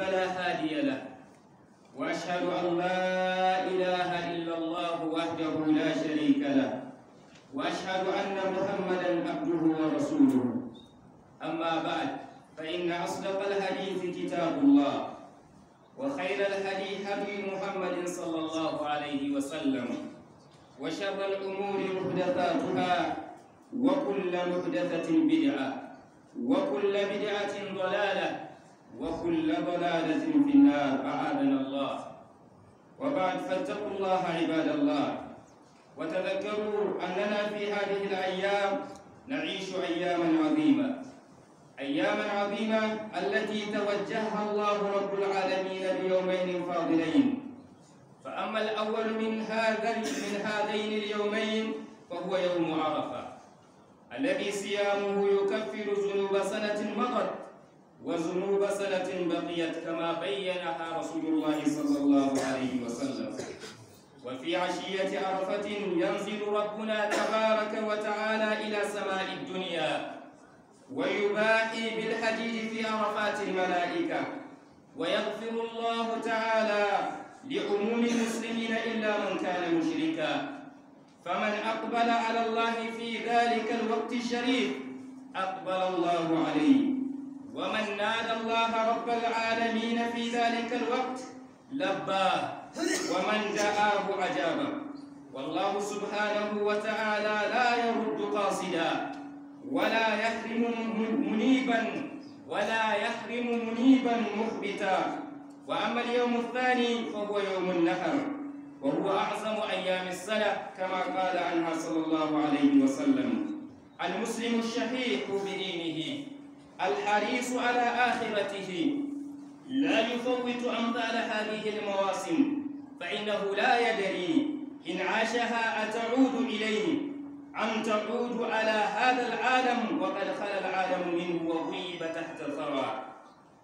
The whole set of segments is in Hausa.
فلا هادي له واشهد ان لا اله الا الله وحده لا شريك له واشهد ان محمدا عبده ورسوله اما بعد فان اصدق الحديث كتاب الله وخير الحديث هدي محمد صلى الله عليه وسلم وشر الامور محدثاتها وكل محدثه بدعه وكل بدعه ضلاله وكل ضلالة في النار أعاذنا الله وبعد فاتقوا الله عباد الله وتذكروا أننا في هذه الأيام نعيش أياما عظيمة أياما عظيمة التي توجهها الله رب العالمين بيومين فاضلين فأما الأول من هذا من هذين اليومين فهو يوم عرفة الذي صيامه يكفر ذنوب سنة مضت وذنوب سنة بقيت كما بينها رسول الله صلى الله عليه وسلم وفي عشية عرفة ينزل ربنا تبارك وتعالى إلى سماء الدنيا ويباهي بالحديث في عرفات الملائكة ويغفر الله تعالى لعموم المسلمين إلا من كان مشركا فمن أقبل على الله في ذلك الوقت الشريف أقبل الله عليه ومن نادى الله رب العالمين في ذلك الوقت لبى ومن دعاه أجابه والله سبحانه وتعالى لا يرد قاصدا ولا يحرم منيبا ولا يحرم منيبا مخبتا وأما اليوم الثاني فهو يوم النحر وهو أعظم أيام الصلاه كما قال عنها صلى الله عليه وسلم المسلم الشحيح بدينه الحريص على آخرته لا يفوت أمثال هذه المواسم فإنه لا يدري إن عاشها أتعود إليه أم تعود على هذا العالم وقد خلا العالم منه وغيب تحت الثرى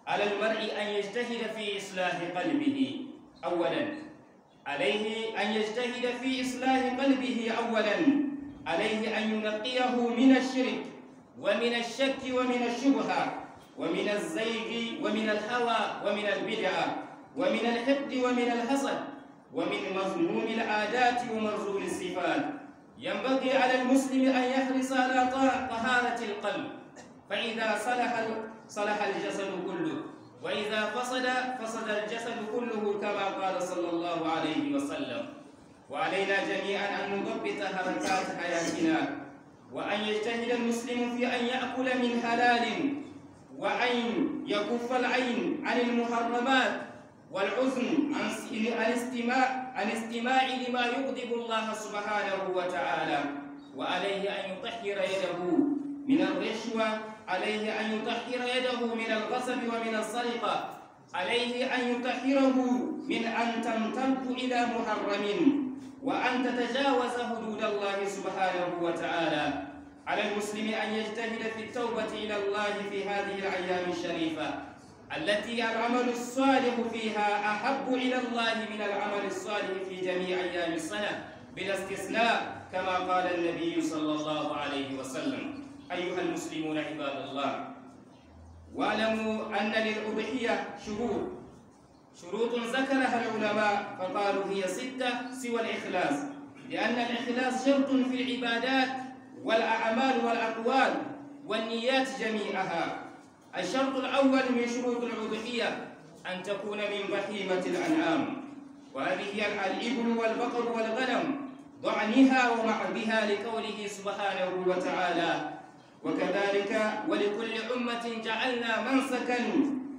على المرء أن يجتهد في إصلاح قلبه أولا عليه أن يجتهد في إصلاح قلبه أولا عليه أن ينقيه من الشرك ومن الشك ومن الشبهة ومن الزيغ ومن الهوى ومن البدعة ومن الحقد ومن الحسد ومن مظلوم العادات ومرزول الصفات ينبغي على المسلم أن يحرص على طهارة القلب فإذا صلح صلح الجسد كله وإذا فسد فسد الجسد كله كما قال صلى الله عليه وسلم وعلينا جميعا أن نضبط حركات حياتنا وأن يجتهد المسلم في أن يأكل من حلال وأن يكف العين عن المحرمات والعزم عن الاستماع عن استماع لما يغضب الله سبحانه وتعالى وعليه أن يطهر يده من الرشوة عليه أن يطهر يده من الغصب ومن السرقة عليه أن يطهره من أن تمتد إلى محرم وأن تتجاوز حدود الله سبحانه وتعالى على المسلم أن يجتهد في التوبة إلى الله في هذه الأيام الشريفة التي العمل الصالح فيها أحب إلى الله من العمل الصالح في جميع أيام السنة بلا استثناء كما قال النبي صلى الله عليه وسلم أيها المسلمون عباد الله واعلموا أن للأضحية شهور شروط ذكرها العلماء فقالوا هي ستة سوى الإخلاص لأن الإخلاص شرط في العبادات والأعمال والأقوال والنيات جميعها الشرط الأول من شروط العبودية أن تكون من بهيمة الأنعام وهذه هي الإبل والبقر والغنم ضعنها ومعبها لقوله سبحانه وتعالى وكذلك ولكل أمة جعلنا منسكا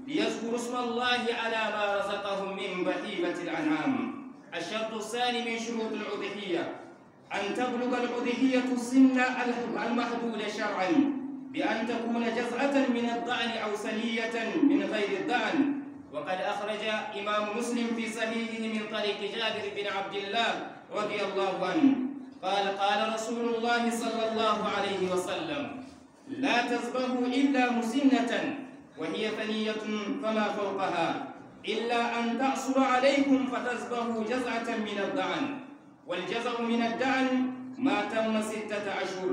ليذكروا اسم الله على ما رزقهم من بهيمة الأنعام الشرط الثاني من شروط العضحية أن تبلغ العضحية السن المحدود شرعا بأن تكون جزعة من الضأن أو سنية من غير الضأن وقد أخرج إمام مسلم في صحيحه من طريق جابر بن عبد الله رضي الله عنه قال قال رسول الله صلى الله عليه وسلم لا تذبحوا إلا مسنة وهي ثنية فما فوقها إلا أن تعصر عليكم فتسبه جزعة من الدعن والجزع من الدعن ما تم ستة أشهر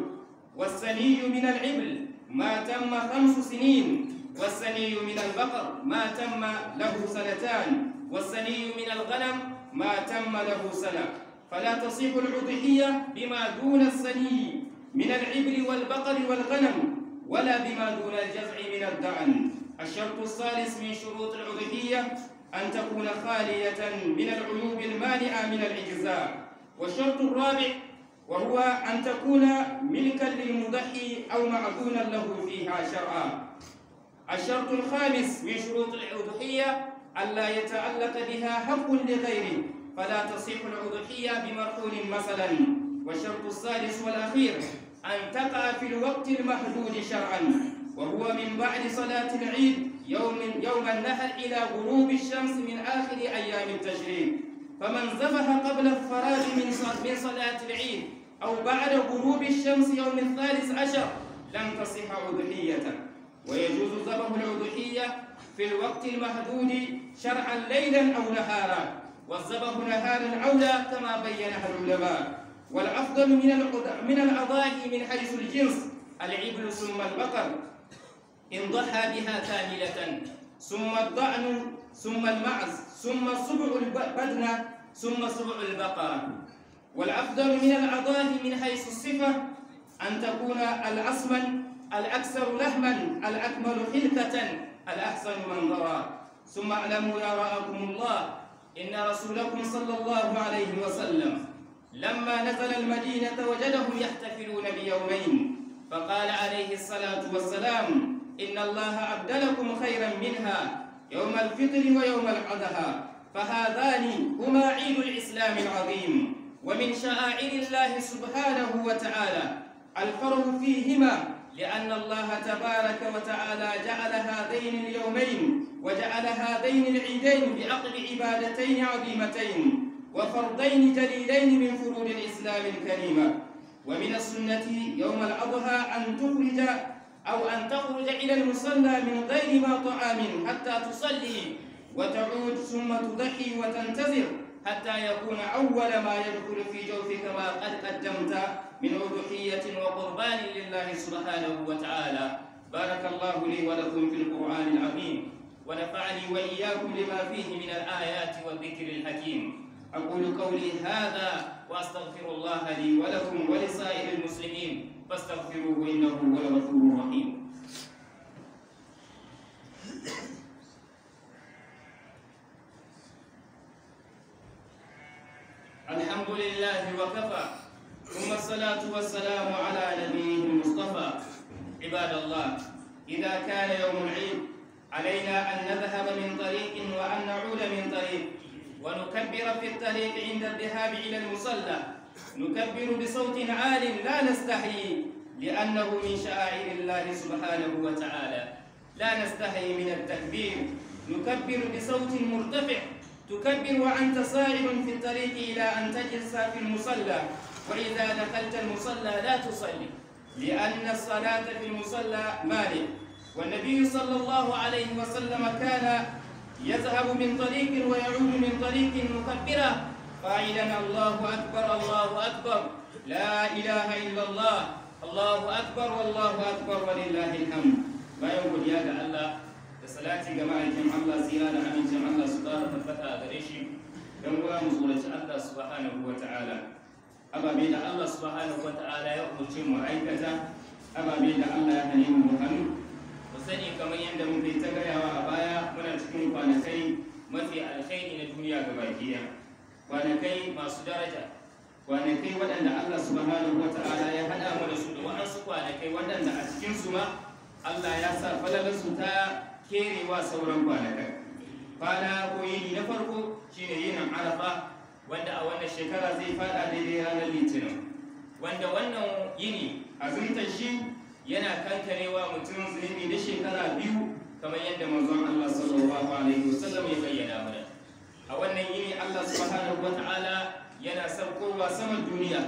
والسني من العبل ما تم خمس سنين والسني من البقر ما تم له سنتان والسني من الغنم ما تم له سنة فلا تصيب العضحية بما دون السني من العبل والبقر والغنم ولا بما دون الجزع من الدعن الشرط الثالث من شروط الأضحية أن تكون خالية من العيوب المانعة من الإجزاء والشرط الرابع وهو أن تكون ملكا للمضحي أو معدونا له فيها شرعا الشرط الخامس من شروط أن ألا يتعلق بها حق لغيره فلا تصح الأضحية بمرحول مثلا والشرط السادس والأخير أن تقع في الوقت المحدود شرعا وهو من بعد صلاة العيد يوم يوم النحر إلى غروب الشمس من آخر أيام التشريق فمن زفح قبل الفراغ من من صلاة العيد أو بعد غروب الشمس يوم الثالث عشر لم تصح أضحية ويجوز ذبح الأضحية في الوقت المحدود شرعا ليلا أو نهارا والذبح نهارا أولى كما بينها العلماء والأفضل من من الأضاحي من حيث الجنس العبل ثم البقر إن ضحى بها كاملة ثم الضعن ثم المعز ثم صبع البدنة ثم صبع البقرة والأفضل من الأضاحي من حيث الصفة أن تكون الأصمن الأكثر لهما الأكمل حلقة الأحسن منظرا ثم اعلموا يا رأكم الله إن رسولكم صلى الله عليه وسلم لما نزل المدينة وجدهم يحتفلون بيومين فقال عليه الصلاة والسلام إن الله أبدلكم خيرا منها يوم الفطر ويوم الأضحى فهذان هما عيد الإسلام العظيم ومن شعائر الله سبحانه وتعالى الفرق فيهما لأن الله تبارك وتعالى جعل هذين اليومين وجعل هذين العيدين بعقد عبادتين عظيمتين وفرضين جليلين من فروض الإسلام الكريمة ومن السنة يوم الأضحى أن تخرج أو أن تخرج إلى المصلى من غير ما طعام حتى تصلي وتعود ثم تضحي وتنتظر حتى يكون أول ما يدخل في جوفك ما قد قدمت من أضحية وقربان لله سبحانه وتعالى بارك الله لي ولكم في القرآن العظيم ونفعني وإياكم لما فيه من الآيات والذكر الحكيم أقول قولي هذا وأستغفر الله لي ولكم ولسائر المسلمين فاستغفروه إنه هو الغفور الرحيم الحمد لله وكفى ثم الصلاة والسلام على نبيه المصطفى عباد الله إذا كان يوم العيد علينا أن نذهب من طريق وأن نعود من طريق ونكبر في الطريق عند الذهاب إلى المصلى نكبر بصوت عال لا نستحي لأنه من شعائر الله سبحانه وتعالى لا نستحي من التكبير نكبر بصوت مرتفع تكبر وأنت صاعد في الطريق إلى أن تجلس في المصلى وإذا دخلت المصلى لا تصلي لأن الصلاة في المصلى مالك والنبي صلى الله عليه وسلم كان يذهب من طريق ويعود من طريق مكبرة قائلا الله أكبر الله أكبر لا إله إلا الله الله أكبر والله أكبر ولله الحمد ما يقول يا الله da salati ga ma'aikin Allah tsira da amincin Allah su ƙara tabbata a gare don kuma mu tsoraci Allah subhanahu wa da Allah subhanahu wa ta'ala ya umarci mu aikata ababe da Allah ya hane mu hannu ku sani kamar yadda muka ta gayawa a baya muna cikin kwanakai mafi alkhairi na duniya gaba ɗaya kwanakai masu daraja kwanakai waɗanda Allah subhanahu ta'ala ya haɗa mu da su da waɗansu kwanakai waɗanda a cikinsu ma Allah ya sa falalarsu ta kerewa sauran kwanakai fada ko yini na farko shine yinin arafa wanda a wannan shekara zai fada daidai ranar litinin wanda wannan yini azumtar shi yana kankarewa mutum zunubi na shekara biyu kamar yadda manzon Allah sallallahu alaihi wasallam ya bayyana mana a wannan yini Allah subhanahu Ala) yana saukowa saman duniya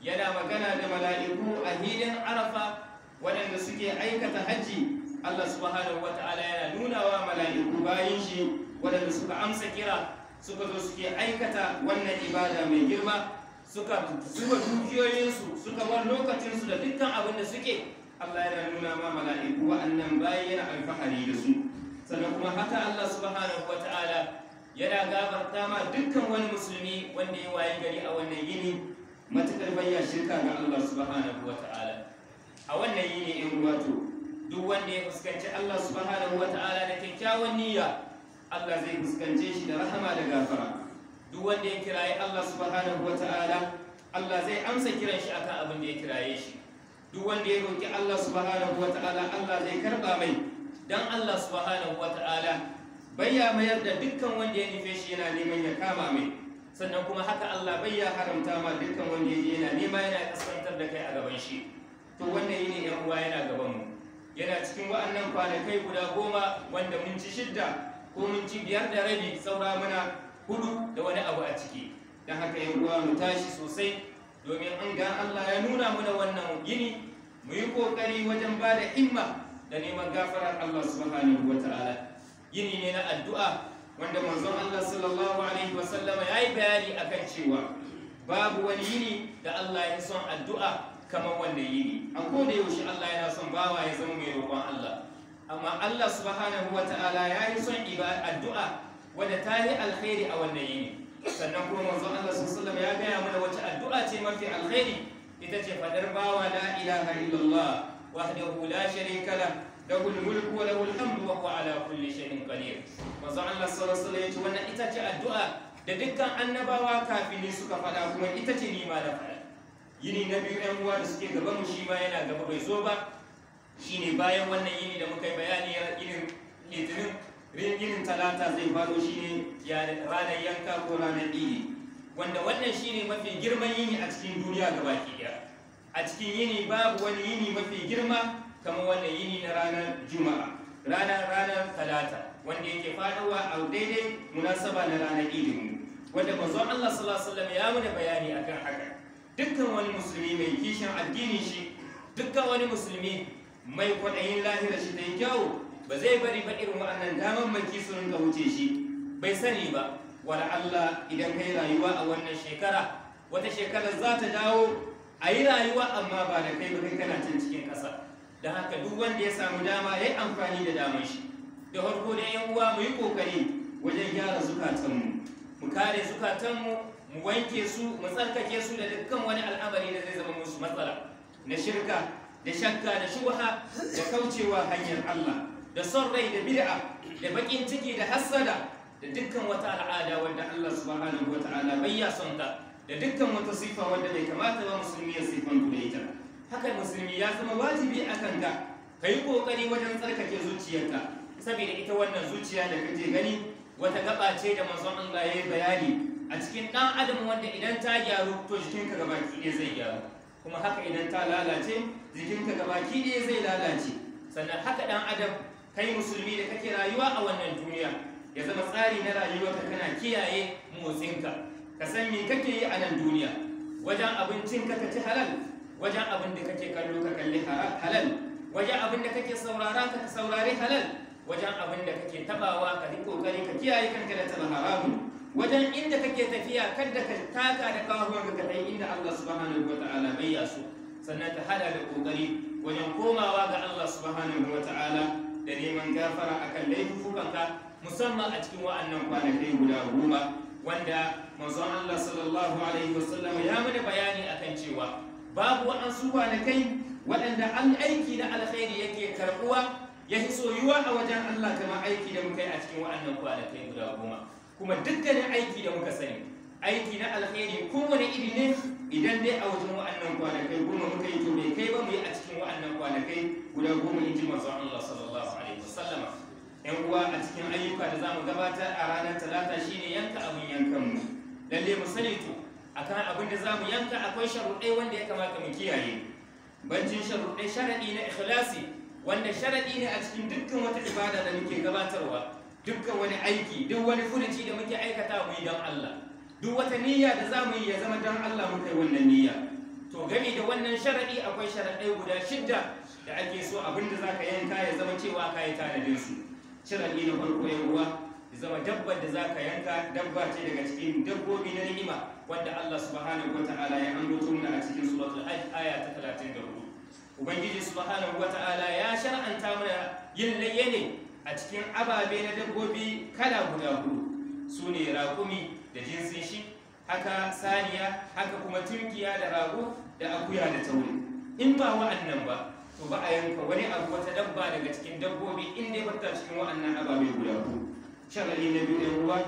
yana magana da mala'iku a hilin arafa waɗanda suke aikata hajji Allah subhanahu Ala) yana nuna wa mala'iku bayan shi waɗanda suka amsa kira suka zo suke aikata wannan ibada mai girma suka zuba dukiyoyinsu suka bar lokacinsu da dukkan abin da suke Allah yana nuna ma mala'iku wa'annan bayan yana alfahari da su sannan kuma haka Allah subhanahu wata'ala yana gabata ma dukkan wani musulmi wanda ya wayi gari a wannan yini matukar bayya shirka ga Allah subhanahu wa ta'ala a wannan yini in wato duk wanda ya fuskanci Allah subhanahu wa ta'ala da kyakkyawan niyya Allah zai fuskance shi da rahama da gafara duk wanda ya kiraye Allah subhanahu wa ta'ala Allah zai amsa kiran shi akan abin da ya kiraye shi duk wanda ya roki Allah subhanahu wa ta'ala Allah zai karba mai dan Allah subhanahu wa ta'ala bayya mayar da dukkan wanda ya nufe shi yana neman ya kama mai sannan kuma haka Allah bai ya haramta ma dukkan wanda ya yana nema yana kasantar da kai a gaban shi to wannan yi ne yan uwa yana gaban mu yana cikin wa'annan kwanakai guda goma wanda mun ci shidda ko mun ci biyar da rabi saura mana hudu da wani abu a ciki Don haka yan uwa mu tashi sosai domin an ga Allah ya nuna mana wannan gini, mu yi kokari wajen ba da himma da neman gafarar Allah subhanahu ta'ala yini ne na addu'a wanda manzon Allah sallallahu alaihi wasallam ya yi bayani akan cewa babu wani yini da Allah ya son addu'a kamar wanda yini a koda yaushe Allah yana son bawa ya zama mai roƙon Allah amma Allah subhanahu wata'ala ya yi son addu'a wanda ta yi alkhairi a wannan yini sannan kuma manzon Allah sallallahu alaihi wasallam ya gaya mana wace addu'a ce mafi alkhairi ita ce fadar bawa la ilaha illallah wahdahu la sharika lahu lahu ko wa lahu alhamdu wa huwa ala kulli shay'in qadir manzo Allah sallallahu alaihi wannan ita ce addu'a da dukkan annabawa kafin suka faɗa kuma ita ce nima da faɗa yini na biyu yan uwa da suke gaban mu shi ma yana gaba bai zo ba shine bayan wannan yini da muka yi bayani irin litinin ringinin talata zai faɗo shine ranar yanka ko ranar idi wanda wannan shine mafi girman yini a cikin duniya gaba daya a cikin yini babu wani yini mafi girma kamar wannan yini na ranar juma'a ranar ranar talata wanda yake faɗowa a daidai munasaba na ranar idin wanda manzon Allah sallallahu alaihi ya mana bayani akan haka dukkan wani musulmi mai kishin addini shi dukkan wani musulmi mai kwaɗayin lahira shi da kyau ba zai bari ba irin wa'annan damar maki su ga wuce shi bai sani ba wa Allah idan kai rayuwa a wannan shekara wata shekarar za ta dawo a yi rayuwa amma ba da kai ba kai kana can cikin ƙasa don haka duk wanda ya samu dama ya yi amfani da damar shi da harko da yan uwa mu yi kokari wajen gyara zukatanmu mu kare zukatanmu mu wanke su mu tsarkake su da dukkan wani al'amari da zai zama musu matsala na shirka da shakka da shubha da kaucewa hanyar Allah da son rai da bid'a da bakin ciki da hassada da dukkan wata al'ada wanda Allah subhanahu wataala bai ya sonta. da dukkan wata sifa wanda bai kamata ba musulmi ya sifan da haka musulmi ya zama wajibi a kanka ka yi ƙoƙari wajen tsarkake zuciyarka saboda ita wannan zuciya da kake gani wata gaba ce da manzon Allah ya bayani a cikin ɗan adam wanda idan ta gyaru to jikinka gabaki ɗaya zai gyaru kuma haka idan ta lalace jikinka gabaki ɗaya zai lalace sannan haka ɗan adam kai musulmi da kake rayuwa a wannan duniya ya zama tsari na rayuwarka kana kiyaye motsinka ka san me kake yi a nan duniya wajen abincinka ka ci halal wajen abin da kake kallo ka kalli halal wajen abin da kake saurara ka saurari halal wajen abin da kake tabawa ka yi kokari ka kiyaye kanka da taba haramu wajen inda kake tafiya kada ka taka da kawahuwar ka kai inda Allah subhanahu wa ta'ala bai ya sannan ta hada da kokari wajen komawa ga Allah subhanahu wa ta'ala da neman gafara akan ka musamman a cikin wa'annan kwanakai guda goma wanda manzon Allah sallallahu alaihi wasallam ya mana bayani akan cewa babu wa'ansu kwanakai waɗanda an aiki na alkhairi yake karɓuwa ya fi soyuwa a wajen Allah kamar aiki da muka yi a cikin waɗannan kwanakai guda goma kuma dukkanin aiki da muka sani aiki na alkhairi kowane iri ne idan dai a wajen waɗannan kwanakai goma muka yi to bai kai ba mu yi a cikin waɗannan kwanakai guda goma in ji manzon Allah sallallahu alaihi wasallama yan uwa a cikin ayyuka da za mu gabatar a ranar talata shine yanka abin yankan mu lalle mu sani to akan abin da zamu yanka akwai sharuɗai wanda ya kamata mu kiyaye bancin sharuɗai sharaɗi na ikhlasi wanda sharaɗi ne a cikin dukkan wata ibada da muke gabatarwa dukkan wani aiki duk wani furuci da muke aikata mu yi don Allah duk wata niyya da zamu yi ya zama don Allah mu kai wannan niyya to gani da wannan sharaɗi akwai sharaɗai guda shidda da ake so abin da zaka yanka ya zama cewa ka yi tanadin su sharaɗi na farko uwa ya zama dabbar da zaka yanka dabba ce daga cikin dabbobi na ni'ima wanda Allah subhanahu wata'ala ya ambato mana a cikin suratul aya ta 34 ubangiji subhanahu wata'ala ya shar'anta mana yin layyane ne a cikin ababe na dabbobi kala guda huɗu, sune raƙumi da jinsin shi haka saniya haka kuma tunkiya da rago da akuya da tauri in ba wa'annan ba to ba a yanka wani abu wata dabba daga cikin dabbobi in dai cikin wa'annan ababe guda huɗu, shagari na biyu ɗan ruwa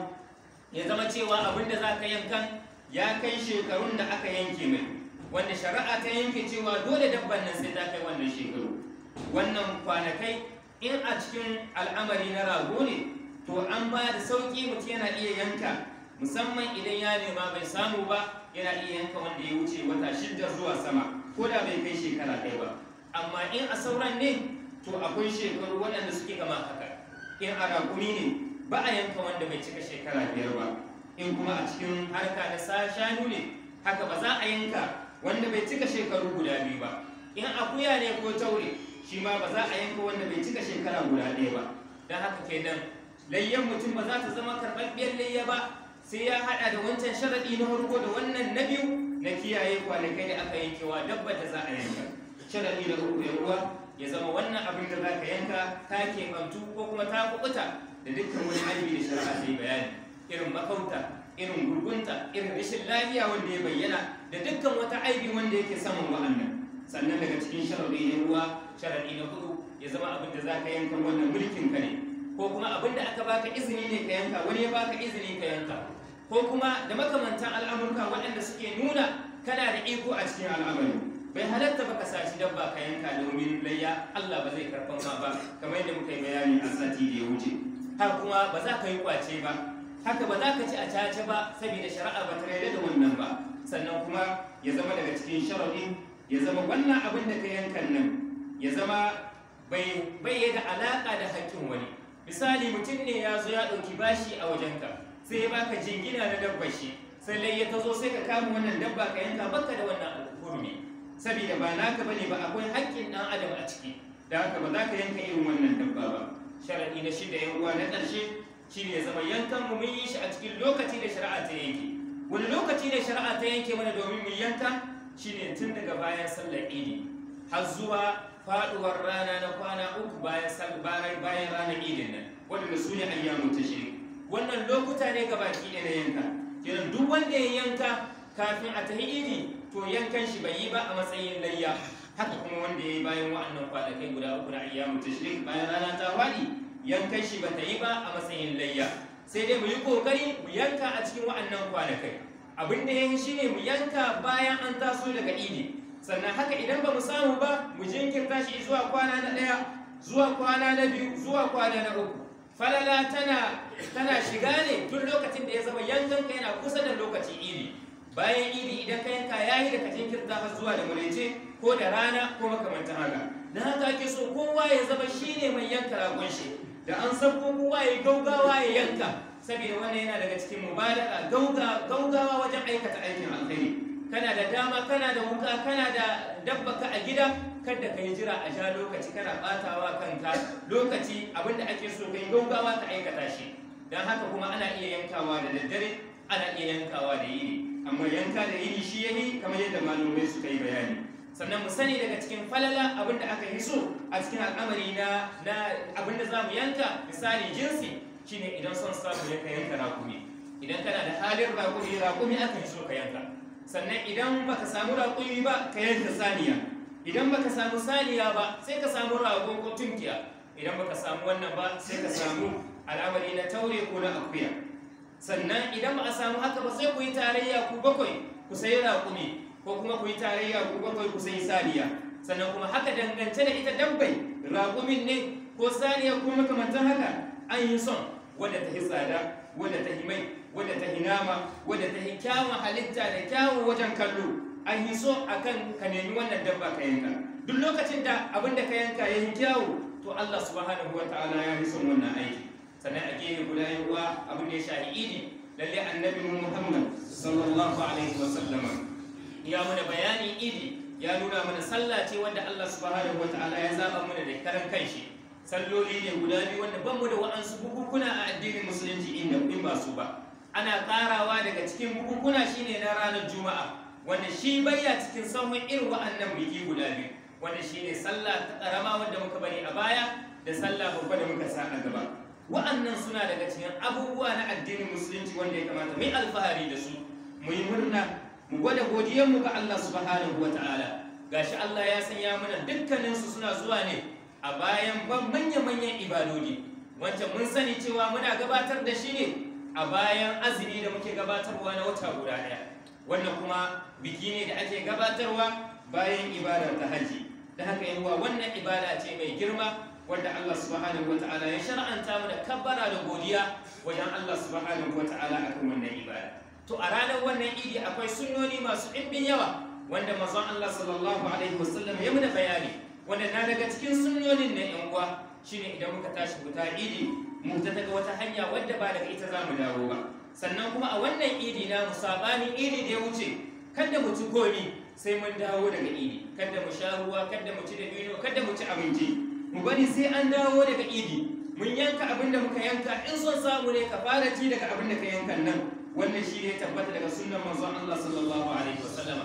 ya zama cewa abin da za ka yankan ya kai shekarun da aka yanke mai wanda shari'a ta yanke cewa dole dabban nan sai ta kai wannan shekaru wannan kwanakai in a cikin al'amari na rago ne to an ba da sauƙi mutum yana iya yanka musamman idan ya nema bai samu ba yana iya yanka wanda ya wuce wata shidda zuwa sama ko da bai kai shekara ɗaya ba amma in a sauran ne to akwai shekaru waɗanda suke gama haka in a ragumi ne ba a yanka wanda bai cika shekara biyar ba in kuma a cikin harka da sa ne haka ba za a yanka wanda bai cika shekaru guda biyu ba in akuya ne ko taure shi ma ba za a yanka wanda bai cika shekara guda ɗaya ba don haka kenan layyan mutum ba za ta zama karɓaɓɓiyar layya ba sai ya haɗa da wancan sharaɗi na farko da wannan na biyu na kiyaye kwanakai da aka yankewa dabba da za a yanka sharaɗi na uku ruwa ya zama wannan abin da za ka yanka ta keɓantu ko kuma ta kuɓuta da dukkan wani aibi da shari'a ta yi bayani irin makauta irin gurgunta irin rashin lafiya wanda ya bayyana da dukkan wata aibi wanda yake samun wa'annan sannan daga cikin sharaɗi na ruwa sharaɗi na hudu ya zama abin da za ka yanka wannan mulkin ka ne ko kuma abin da aka baka izini ne ka yanka wani ya baka izini ka yanka ko kuma da makamantan al'amurka waɗanda suke nuna kana da iko a cikin al'amari bai halatta baka sashi dabba ka yanka domin layya Allah ba zai karɓan ma ba kamar yadda muka yi bayani a sati da ya wuce har kuma ba za ka yi kwace ba haka ba za ka ci a caca ba saboda shari'a ba ta da wannan ba sannan kuma ya zama daga cikin sharaɗin ya zama wannan abin da ka yankan nan ya zama bai yi da alaƙa da haƙƙin wani misali mutum ne ya zo ya ɗauki bashi a wajenka sai ya baka jingina na dabba shi sai ya tazo sai ka kama wannan dabba ka yanka baka da wannan hurumi saboda ba naka ba ne ba akwai haƙƙin ɗan adam a ciki da haka ba za ka yanka irin wannan dabba ba sharaɗi na shida yan uwa na ƙarshe shi ya zama yankan mu mun yi shi a cikin lokaci da shari'a ta yanke wani lokaci da shari'a ta yanke mana domin mu yanka shine tun daga bayan sallar idi har zuwa faduwar rana na kwana uku bayan sallar bayan ranar idin nan wanda su ne ayyamu tashrik wannan lokuta ne ga baki ne na yanka kenan duk wanda ya yanka kafin a tahi idi to yankan shi bai yi ba a matsayin layya haka kuma wanda ya yi bayan wa'annan kwanakai guda uku na ayyamu tashrik bayan rana ta faɗi yankan shi ba ta yi ba a matsayin layya sai dai mu yi kokari mu yanka a cikin wa'annan kwanakai abin da shi ne mu yanka bayan an taso daga idi sannan haka idan ba mu samu ba mu jinkirta shi zuwa kwana na ɗaya zuwa kwana na biyu zuwa kwana na uku falala tana tana shiga ne tun lokacin da ya zama yankan ka yana kusa da lokaci idi bayan idi idan ka yanka yayi da ka jinkirta har zuwa da mulece ko da rana ko makamantan haka na haka ake so kowa ya zama shi ne mai yanka ragon shi da an san kowa ya gaugawa ya yanka saboda wannan yana daga cikin mubalaga gaugawa wajen aikata aikin alkhairi kana da dama kana da wuka kana da dabbaka a gida kada ka yi jira a ja lokaci kana batawa kanka lokaci abinda ake so ka gaugawa ka aikata shi dan haka kuma ana iya yankawa da daddare ana iya yankawa da yini amma yanka da yini shi yayi kamar yadda malamai suka yi bayani sannan mu sani daga cikin falala abinda aka yi so a cikin al'amari na abinda za mu yanka misali jinsi shine idan son samu ya ka yanka rakumi idan kana da halin rakumi rakumi aka yi so ka yanka sannan idan baka samu rakumi ba ka yanka saniya idan baka samu saniya ba sai ka samu rago ko tunkiya idan baka samu wannan ba sai ka samu al'amari na taure ko na akuya sannan idan ba a samu haka ba sai ku yi tarayya ku bakwai ku sayi rakumi ko kuma ku yi tarayya ku bakwai ku sai saniya sannan kuma haka dangance da ita dambai raƙumin ne ko saniya ko makamantan haka an yi son wadda ta yi tsada wadda ta yi mai wadda ta yi nama wadda ta yi kyawun halitta da kyawun wajen kallo an yi so akan ka nemi wannan dabba ka yanka duk lokacin da abin da ka yanka ya yi kyawu to Allah subhanahu wataala ya yi son wannan aiki sannan a gefe guda yawa abin da ya shahi ne, lalle annabi Muhammad sallallahu alaihi wa ya mana bayani idi, ya nuna mana sallah ce wanda Allah subhanahu wataala ya zaba mana da karan kanshi salloli ne guda biyu wanda ban mu da wa'ansu bukukuna a addinin musulunci inda da ba su ba ana karawa daga cikin bukukuna shine na ranar juma'a wanda shi baya cikin sahun irin wa'annan biki guda biyu wanda shine sallah ta karama wanda muka bari a baya da sallah babba da muka sa a gaba wa'annan suna daga cikin abubuwa na addinin musulunci wanda ya kamata mu yi alfahari da su mu yi murna mu gwada godiyar mu ga Allah subhanahu ta'ala gashi Allah ya sanya mana dukkaninsu suna zuwa ne a bayan ban manya-manyan ibadodi wancan mun sani cewa muna gabatar da shi ne a bayan azumi da muke gabatarwa na wata guda ɗaya wannan kuma biki ne da ake gabatarwa bayan ibadar ta hajji da haka yawa wannan ibada ce mai girma wanda Allah subhanahu ta'ala ya shar'anta mu da kabbara da godiya wajen Allah subhanahu ta'ala akan wannan ibada to a ranar wannan idi akwai sunnoni masu ɗimbin yawa wanda mazan Allah sallallahu alaihi wasallam ya muna bayani wanda na daga cikin sunnonin na yan uwa shine idan muka tashi kuta idi mu ta daga wata hanya wadda ba daga ita zamu dawo ba sannan kuma a wannan idi na sabani idi da ya wuce kada mu ci komi sai mun dawo daga idi kada mu sha ruwa kada mu ci dabino kada mu ci abinci mu bari sai an dawo daga idi mun yanka abin da muka yanka in son samu ne ka fara ci daga abin da ka yanka nan wannan shi ne tabbata daga sunan manzon Allah sallallahu alaihi wasallam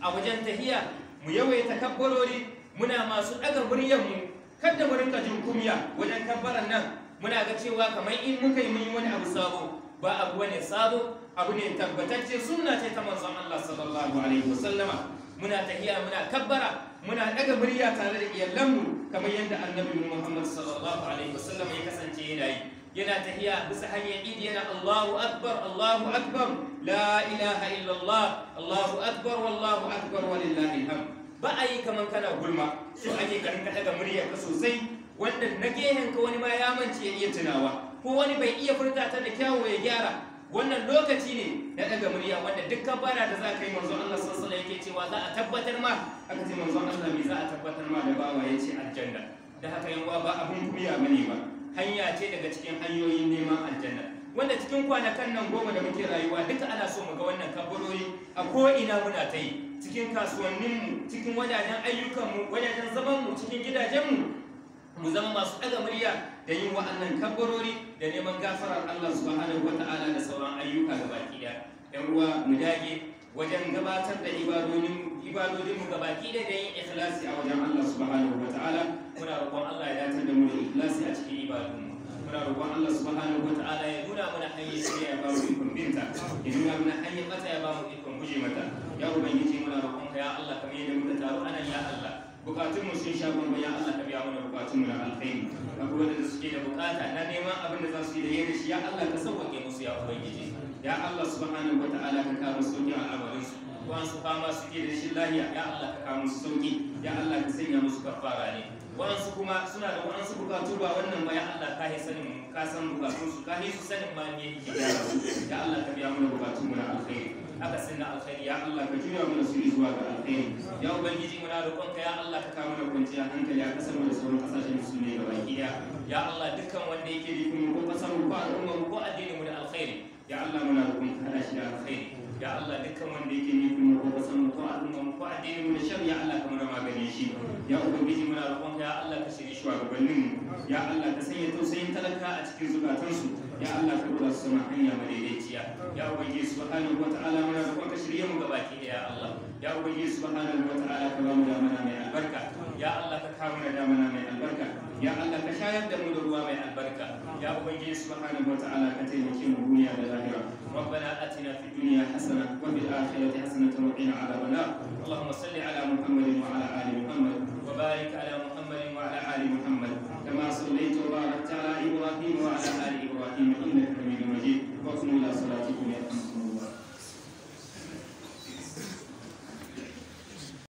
a wajen tahiya mu yawaita kabbarori muna masu daga buriyan mu kada mu rinka jin kumya wajen kabbaran nan muna ga cewa kamar in muka yi mun wani abu sabo ba abu ne sabo abu ne tabbatacce sunna ce ta manzon Allah sallallahu alaihi wasallama muna tahiya muna kabbara muna daga murya tare da iyalanmu kamar yadda annabi Muhammad sallallahu alaihi wasallam ya kasance yana yi yana tahiya bisa hanyar idi yana Allahu akbar Allahu akbar la ilaha illallah Allahu akbar wallahu akbar walillahi alhamd ba a yi kamar kana gulma so ake ka daga murya ka sosai wanda na gehen ka wani ma ya mance ya iya tunawa ko wani bai iya furta ta da kyawu ya gyara wannan lokaci ne na daga murya wanda dukkan bara da za ka yi manzon Allah sallallahu alaihi yake cewa za a tabbatar ma aka ce manzon Allah me za a tabbatar ma da bawa yace aljanna da haka yan ba abun kuya bane ba hanya ce daga cikin hanyoyin neman aljanna wanda cikin kwanakan nan goma da muke rayuwa duka ana so mu ga wannan kabarori a ko'ina muna ta yi cikin mu cikin wajajen ayyukanmu wajajen mu cikin gidajenmu mu zama masu ɗaga murya da yin wa'annan kabarori da neman gafarar Allah subhanahu wata'ala da sauran ayyuka gaba ɗaya yan uwa mu dage wajen gabatar da ibadodin ibadodin mu gabaki da yin ikhlasi a wajen Allah subhanahu wataala muna roƙon Allah ya dace da mu da ikhlasi a cikin ibadun mu muna roƙon Allah subhanahu wataala ya nuna mana hanyar shirya ya ba mu ikon binta ya nuna mana hanyar mata ya ba mu ikon guje mata ya ubangiji muna roƙon ka ya Allah kamar yadda muka taro anan ya Allah bukatun mu sun sha bambam ya Allah ka biya mana bukatun mu na alkhairi akwai wanda suke da bukata na neman abin da za su yi da yin shi ya Allah ka sauƙaƙe musu ya ubangiji ya Allah subhanahu wa ta'ala ka kawo sauki a abarin Wa'ansu fama suke da shi lahiya ya Allah ka kawo musu sauki ya Allah ka sanya musu kafara ne wasu kuma suna da wa'ansu bukatu ba wannan ba ya Allah ka yi sanin ka san bukatun su ka yi su sanin ma me yake gyara ya Allah ka biya mana bukatun mu na alkhairi aka sanna alkhairi ya Allah ka juya mana su zuwa ga alkhairi ya ubangiji muna roƙonka ya Allah ka kawo mana kwanciya hankali a kasar mu da sauran kasashen musulmi gaba ɗaya. ya Allah dukkan wanda yake da ko kasar mu ko al'umma mu ko addinin mu da alkhairi ya Allah muna roƙon ka hada shi da alkhairi ya Allah dukkan wanda yake nufin mu ko kasan mu ko al'umma mu ko addini mu da sharri ya Allah ka muna magani shi ya ubangiji muna roƙon ka ya Allah ka shiri shugabannin mu ya Allah ka sanya tausayin talaka a cikin zukatansu ya Allah ka dora su sama hanya madaidaiciya ya ubangiji subhanahu wataala muna roƙon ka shirye mu gabaki ɗaya ya Allah ya ubangiji subhanahu wataala ka bamu mu damana mai albarka ya Allah ka kawo mana damana mai albarka ya Allah ka shayar da mu da ruwa mai albarka ya ubangiji subhanahu wataala ka taimake mu duniya da lahira ربنا آتنا في الدنيا حسنة وفي الآخرة حسنة وقنا عذاب النار اللهم صل على محمد وعلى آل محمد وبارك على محمد وعلى آل محمد كما صليت وباركت على إبراهيم وعلى آل إبراهيم إنك حميد مجيد وقم إلى صلاتكم يا